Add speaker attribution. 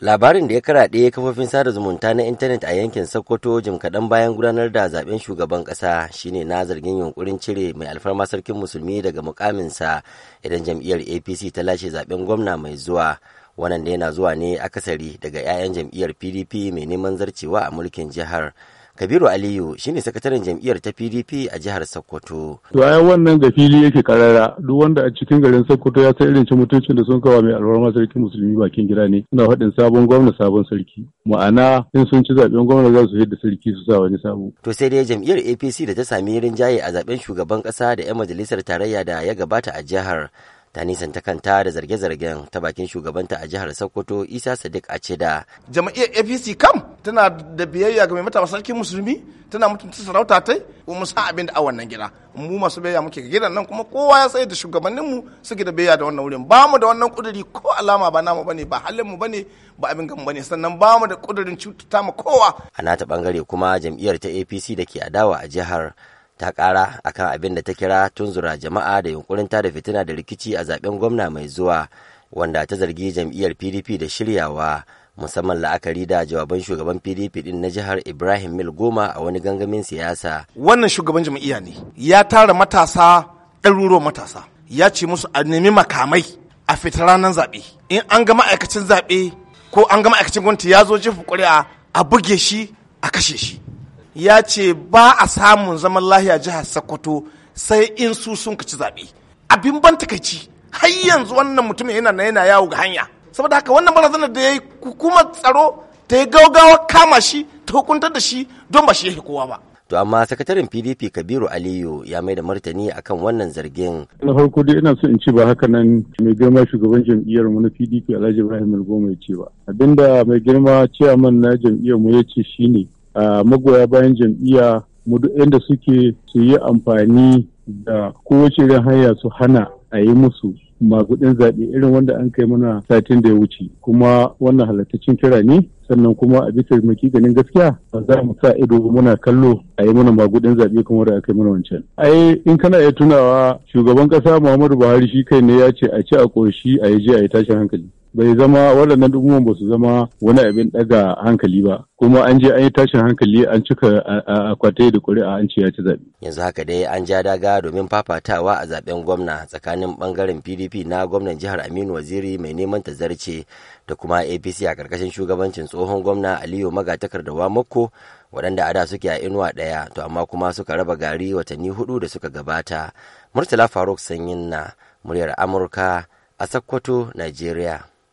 Speaker 1: labarin da ya karaɗe kafofin sada zumunta na intanet a yankin sokoto jim kaɗan bayan gudanar da zaben shugaban ƙasa shine na zargin yunkurin cire mai alfarma sarkin musulmi daga mukaminsa idan jam'iyyar apc ta lashe zaben gwamna mai zuwa wannan da yana zuwa ne akasari daga 'ya'yan jam'iyyar pdp mai neman zarcewa a mulkin jihar Kabiru Aliyu shine sakataren jam'iyyar ta PDP a jihar Sokoto.
Speaker 2: To ai wannan da fili yake karara duk wanda a cikin garin Sokoto ya san irin cin mutuncin da sun kawo mai alwarma sarki musulmi bakin gida ne suna faɗin sabon gwamna sabon sarki. Ma'ana in sun ci zaben gwamna za su yadda sarki su sa wani sabo. To sai
Speaker 1: dai jam'iyyar APC da ta sami rinjaye a zaben shugaban ƙasa da 'yan majalisar tarayya da ya gabata a jihar ta nisanta kanta da zarge-zargen ta bakin shugabanta a jihar Sokoto Isa Sadiq
Speaker 3: da Jama'iyyar APC kam tana da biyayya ga mai mata sarkin musulmi tana mutunta sarauta ta ko mu san abin da a wannan gida mu masu biyayya muke gidan nan kuma kowa ya tsaye da shugabannin mu suke da biyayya da wannan wurin ba mu da wannan kuduri ko alama ba namu bane ba halin mu bane ba abin gamu bane sannan ba mu da kudurin cutata ma kowa.
Speaker 1: A nata bangare kuma jam'iyyar ta APC da ke adawa a jihar ta kara akan abin da ta kira tunzura jama'a da yunkurin ta da fitina da rikici a zaben gwamna mai zuwa wanda ta zargi jam'iyyar pdp da shiryawa musamman la'akari da jawaban shugaban pdp din na jihar ibrahim mil goma a wani gangamin siyasa
Speaker 3: wannan shugaban jam'iyya ne ya tara matasa ɗaruruwan matasa ya ce musu a nemi makamai a fita ranar zaɓe in an ga ma'aikacin zaɓe ko an ga ma'aikacin gwamnati ya zo jefa ƙuri'a a buge shi a kashe shi ya ce ba a samun zaman lahiya jihar sokoto sai in su sun ci zaɓe abin ban takaici har yanzu wannan mutumin yana na yana yawo ga hanya saboda haka wannan barazana da ya yi hukumar tsaro ta yi gaugawa kama shi ta hukuntar da shi don ba shi yake kowa ba
Speaker 1: to amma sakataren pdp kabiru aliyu ya mai da martani akan wannan zargin
Speaker 2: na farko dai ina so in ci ba haka nan mai girma shugaban jam'iyyar mu na pdp alhaji ibrahim goma ya ce ba abinda mai girma ciyaman na jam'iyyar mu ya ce shine magoya bayan jam'iyya mu duk inda suke su yi amfani da kowace irin hanya su hana a yi musu magudin zaɓe irin wanda an kai mana satin da ya wuce kuma wannan halattacin kira ne sannan kuma a bisa ganin gaskiya ba za mu sa ido muna kallo a yi mana magudin zaɓe kuma da aka yi mana wancan. ai in kana iya tunawa shugaban ƙasa muhammadu buhari shi kai ne ya ce a ci a ƙoshi a yi je a yi tashin hankali bai zama waɗannan dukkan ba su zama wani abin ɗaga hankali ba kuma an je an yi tashin hankali an cika akwatai da ƙuri'a an ce ya ci zaɓe.
Speaker 1: yanzu haka dai an ja daga domin fafatawa a zaɓen gwamna tsakanin ɓangaren pdp na gwamnan jihar aminu waziri mai neman ta zarce da kuma apc a ƙarƙashin shugabancin tsohon gwamna aliyu magatakardawa makko waɗanda a da suke a inuwa ɗaya to amma kuma suka raba gari watanni hudu da suka gabata murtala faruk sanyin na muryar amurka a sakkwato nigeria